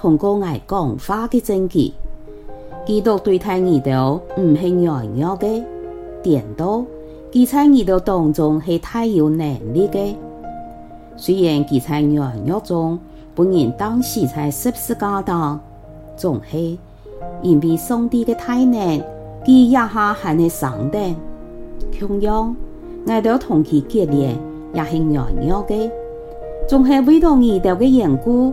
通過我講法的證據，基督對待耳朵唔係軟弱嘅，顛倒基督耳朵當中係太有能力嘅。雖然基督軟弱中，本人當時才十四總是不是簡單，仲係因為上帝嘅太難，佢一下係能上得。同樣，我哋同其建立也係軟弱嘅，仲係為到耳朵嘅緣故。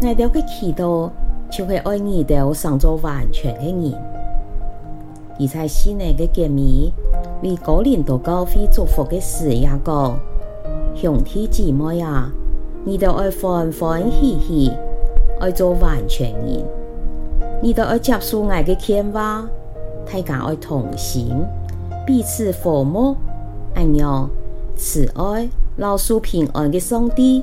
𠊎 兜嘅祈禱，就會愛你兜做完全嘅人，而在心裏的結尾，為各人同教會祝福嘅時，也講向天致哀啊！你兜愛歡歡喜喜，愛做完全人，你兜愛接受愛嘅牽掛，大家愛同心，彼此和睦，哎呀，慈愛、饒恕、平安嘅上帝！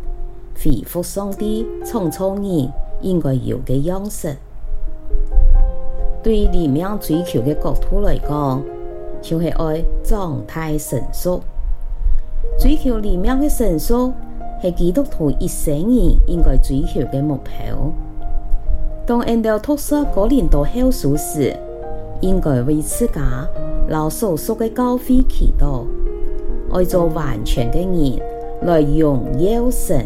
恢復上帝創造你應該有嘅樣式，對憐憫追求嘅國土嚟講，就係、是、愛狀態成熟。追求憐憫嘅成熟，係基督徒一生人應該追求嘅目標。當按照托斯嗰年度習俗時，應該為自家老所屬嘅教會祈禱，愛做完全嘅人來榮耀神。